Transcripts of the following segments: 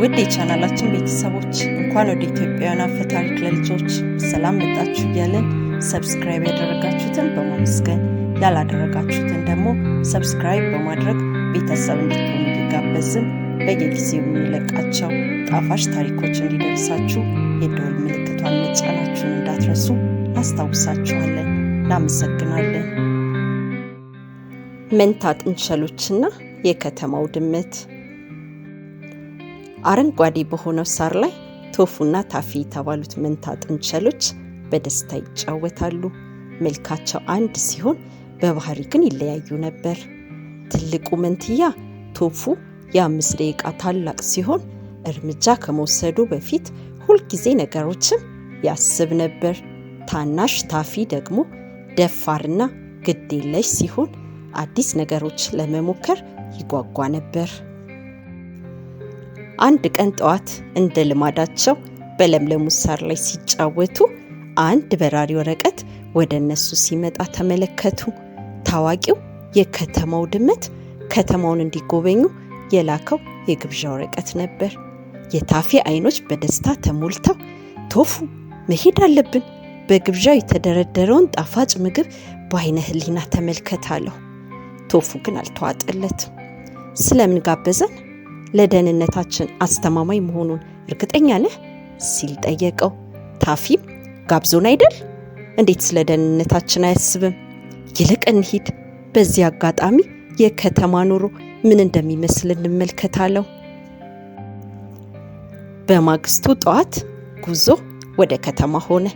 ውድ የቻናላችን ቤተሰቦች እንኳን ወደ ኢትዮጵያውያን አፈ ታሪክ ለልጆች ሰላም መጣችሁ እያለን ሰብስክራይብ ያደረጋችሁትን በማመስገን ያላደረጋችሁትን ደግሞ ሰብስክራይብ በማድረግ ቤተሰብ እንዲሆኑ እንዲጋበዝም በየጊዜው የሚለቃቸው ጣፋጭ ታሪኮች እንዲደርሳችሁ የደወል ምልክቷን መጫናችሁን እንዳትረሱ እናስታውሳችኋለን። እናመሰግናለን። መንታ ጥንቸሎችና የከተማው ድመት አረንጓዴ በሆነው ሳር ላይ ቶፉና ታፊ የተባሉት መንታ ጥንቸሎች በደስታ ይጫወታሉ። መልካቸው አንድ ሲሆን በባህሪ ግን ይለያዩ ነበር። ትልቁ መንትያ ቶፉ የአምስት ደቂቃ ታላቅ ሲሆን እርምጃ ከመውሰዱ በፊት ሁልጊዜ ነገሮችን ያስብ ነበር። ታናሽ ታፊ ደግሞ ደፋርና ግዴለሽ ሲሆን አዲስ ነገሮች ለመሞከር ይጓጓ ነበር። አንድ ቀን ጠዋት እንደ ልማዳቸው በለምለሙ ሳር ላይ ሲጫወቱ አንድ በራሪ ወረቀት ወደ እነሱ ሲመጣ ተመለከቱ። ታዋቂው የከተማው ድመት ከተማውን እንዲጎበኙ የላከው የግብዣ ወረቀት ነበር። የታፌ አይኖች በደስታ ተሞልተው ቶፉ መሄድ አለብን፣ በግብዣው የተደረደረውን ጣፋጭ ምግብ በአይነ ህሊና ተመልከት ቶፉ ግን አልተዋጠለትም። ስለምን ጋበዘን ለደህንነታችን አስተማማኝ መሆኑን እርግጠኛ ነህ? ሲል ጠየቀው። ታፊም ጋብዞን አይደል? እንዴት ስለ ደህንነታችን አያስብም? ይልቅ እንሂድ፣ በዚህ አጋጣሚ የከተማ ኑሮ ምን እንደሚመስል እንመልከት በማግስቱ ጠዋት ጉዞ ወደ ከተማ ሆነ።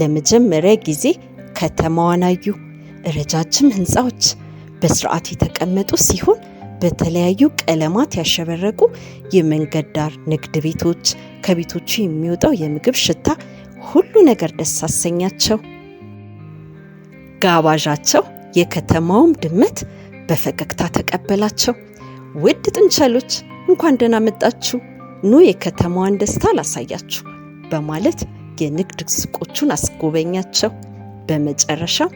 ለመጀመሪያ ጊዜ ከተማዋን አዩ። ረጃጅም ህንፃዎች በስርዓት የተቀመጡ ሲሆን በተለያዩ ቀለማት ያሸበረቁ የመንገድ ዳር ንግድ ቤቶች፣ ከቤቶቹ የሚወጣው የምግብ ሽታ፣ ሁሉ ነገር ደስ አሰኛቸው። ጋባዣቸው የከተማውም ድመት በፈገግታ ተቀበላቸው። ውድ ጥንቸሎች እንኳን ደህና መጣችሁ፣ ኑ የከተማዋን ደስታ ላሳያችሁ በማለት የንግድ ሱቆቹን አስጎበኛቸው። በመጨረሻም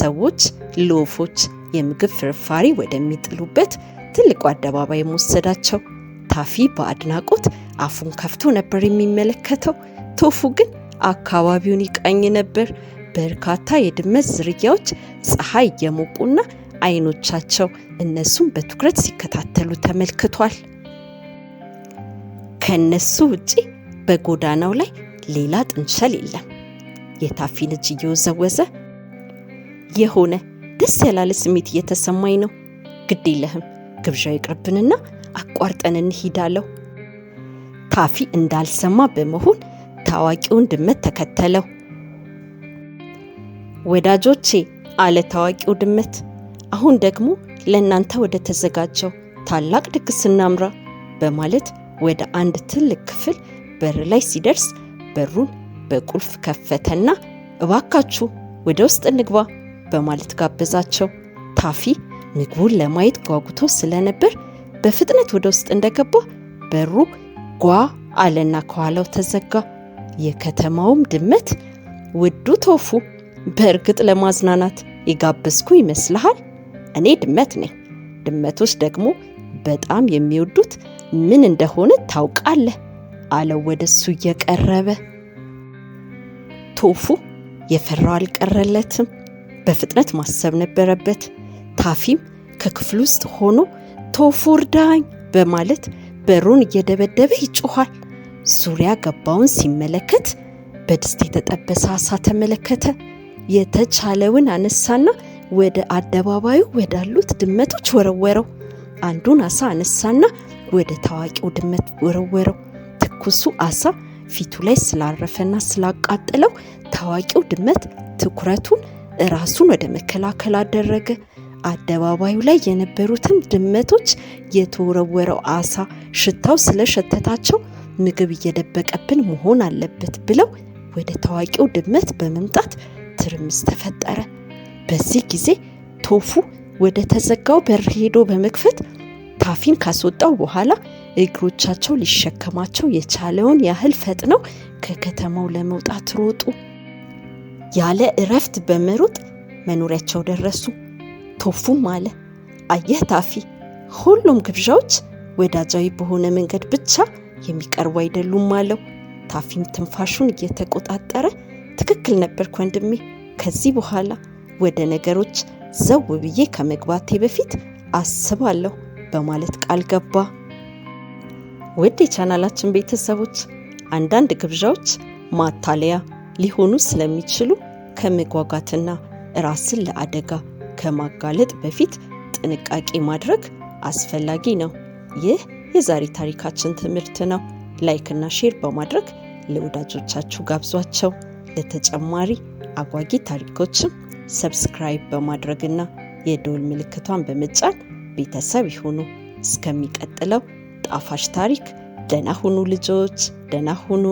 ሰዎች ለወፎች የምግብ ፍርፋሪ ወደሚጥሉበት ትልቁ አደባባይ ወሰዳቸው። ታፊ በአድናቆት አፉን ከፍቶ ነበር የሚመለከተው። ቶፉ ግን አካባቢውን ይቃኝ ነበር። በርካታ የድመት ዝርያዎች ፀሐይ እየሞቁና አይኖቻቸው እነሱም በትኩረት ሲከታተሉ ተመልክቷል። ከእነሱ ውጪ በጎዳናው ላይ ሌላ ጥንቸል የለም። የታፊ ልጅ እየወዘወዘ የሆነ ደስ ያላለ ስሜት እየተሰማኝ ነው። ግድ የለህም ግብዣ ይቅርብንና አቋርጠን እንሂዳለሁ። ታፊ እንዳልሰማ በመሆን ታዋቂውን ድመት ተከተለው። ወዳጆቼ አለ ታዋቂው ድመት፣ አሁን ደግሞ ለእናንተ ወደ ተዘጋጀው ታላቅ ድግስ እናምራ በማለት ወደ አንድ ትልቅ ክፍል በር ላይ ሲደርስ በሩን በቁልፍ ከፈተና እባካችሁ ወደ ውስጥ እንግባ በማለት ጋበዛቸው ታፊ ምግቡን ለማየት ጓጉቶ ስለነበር በፍጥነት ወደ ውስጥ እንደገባ በሩ ጓ አለና ከኋላው ተዘጋ። የከተማውም ድመት ውዱ ቶፉ፣ በእርግጥ ለማዝናናት የጋበዝኩ ይመስልሃል? እኔ ድመት ነኝ። ድመቶች ደግሞ በጣም የሚወዱት ምን እንደሆነ ታውቃለህ? አለው ወደ እሱ እየቀረበ። ቶፉ የፈራው አልቀረለትም። በፍጥነት ማሰብ ነበረበት። ታፊም ከክፍል ውስጥ ሆኖ ዳኝ በማለት በሩን እየደበደበ ይጮኋል። ዙሪያ ገባውን ሲመለከት በድስት የተጠበሰ አሳ ተመለከተ። የተቻለውን አነሳና ወደ አደባባዩ ወዳሉት ድመቶች ወረወረው። አንዱን አሳ አነሳና ወደ ታዋቂው ድመት ወረወረው። ትኩሱ አሳ ፊቱ ላይ ስላረፈና ስላቃጠለው ታዋቂው ድመት ትኩረቱን ራሱን ወደ መከላከል አደረገ። አደባባዩ ላይ የነበሩትም ድመቶች የተወረወረው አሳ ሽታው ስለሸተታቸው ምግብ እየደበቀብን መሆን አለበት ብለው ወደ ታዋቂው ድመት በመምጣት ትርምስ ተፈጠረ። በዚህ ጊዜ ቶፉ ወደ ተዘጋው በር ሄዶ በመክፈት ታፊን ካስወጣው በኋላ እግሮቻቸው ሊሸከማቸው የቻለውን ያህል ፈጥነው ከከተማው ለመውጣት ሮጡ። ያለ እረፍት በመሮጥ መኖሪያቸው ደረሱ። ቶፉም አለ አየህ ታፊ፣ ሁሉም ግብዣዎች ወዳጃዊ በሆነ መንገድ ብቻ የሚቀርቡ አይደሉም አለው። ታፊም ትንፋሹን እየተቆጣጠረ ትክክል ነበርክ ወንድሜ፣ ከዚህ በኋላ ወደ ነገሮች ዘው ብዬ ከመግባቴ በፊት አስባለሁ በማለት ቃል ገባ። ውድ የቻናላችን ቤተሰቦች፣ አንዳንድ ግብዣዎች ማታለያ ሊሆኑ ስለሚችሉ ከመጓጓትና ራስን ለአደጋ ከማጋለጥ በፊት ጥንቃቄ ማድረግ አስፈላጊ ነው። ይህ የዛሬ ታሪካችን ትምህርት ነው። ላይክና ሼር በማድረግ ለወዳጆቻችሁ ጋብዟቸው። ለተጨማሪ አጓጊ ታሪኮችም ሰብስክራይብ በማድረግና የደወል ምልክቷን በመጫን ቤተሰብ ይሁኑ። እስከሚቀጥለው ጣፋጭ ታሪክ ደህና ሁኑ ልጆች፣ ደህና ሁኑ።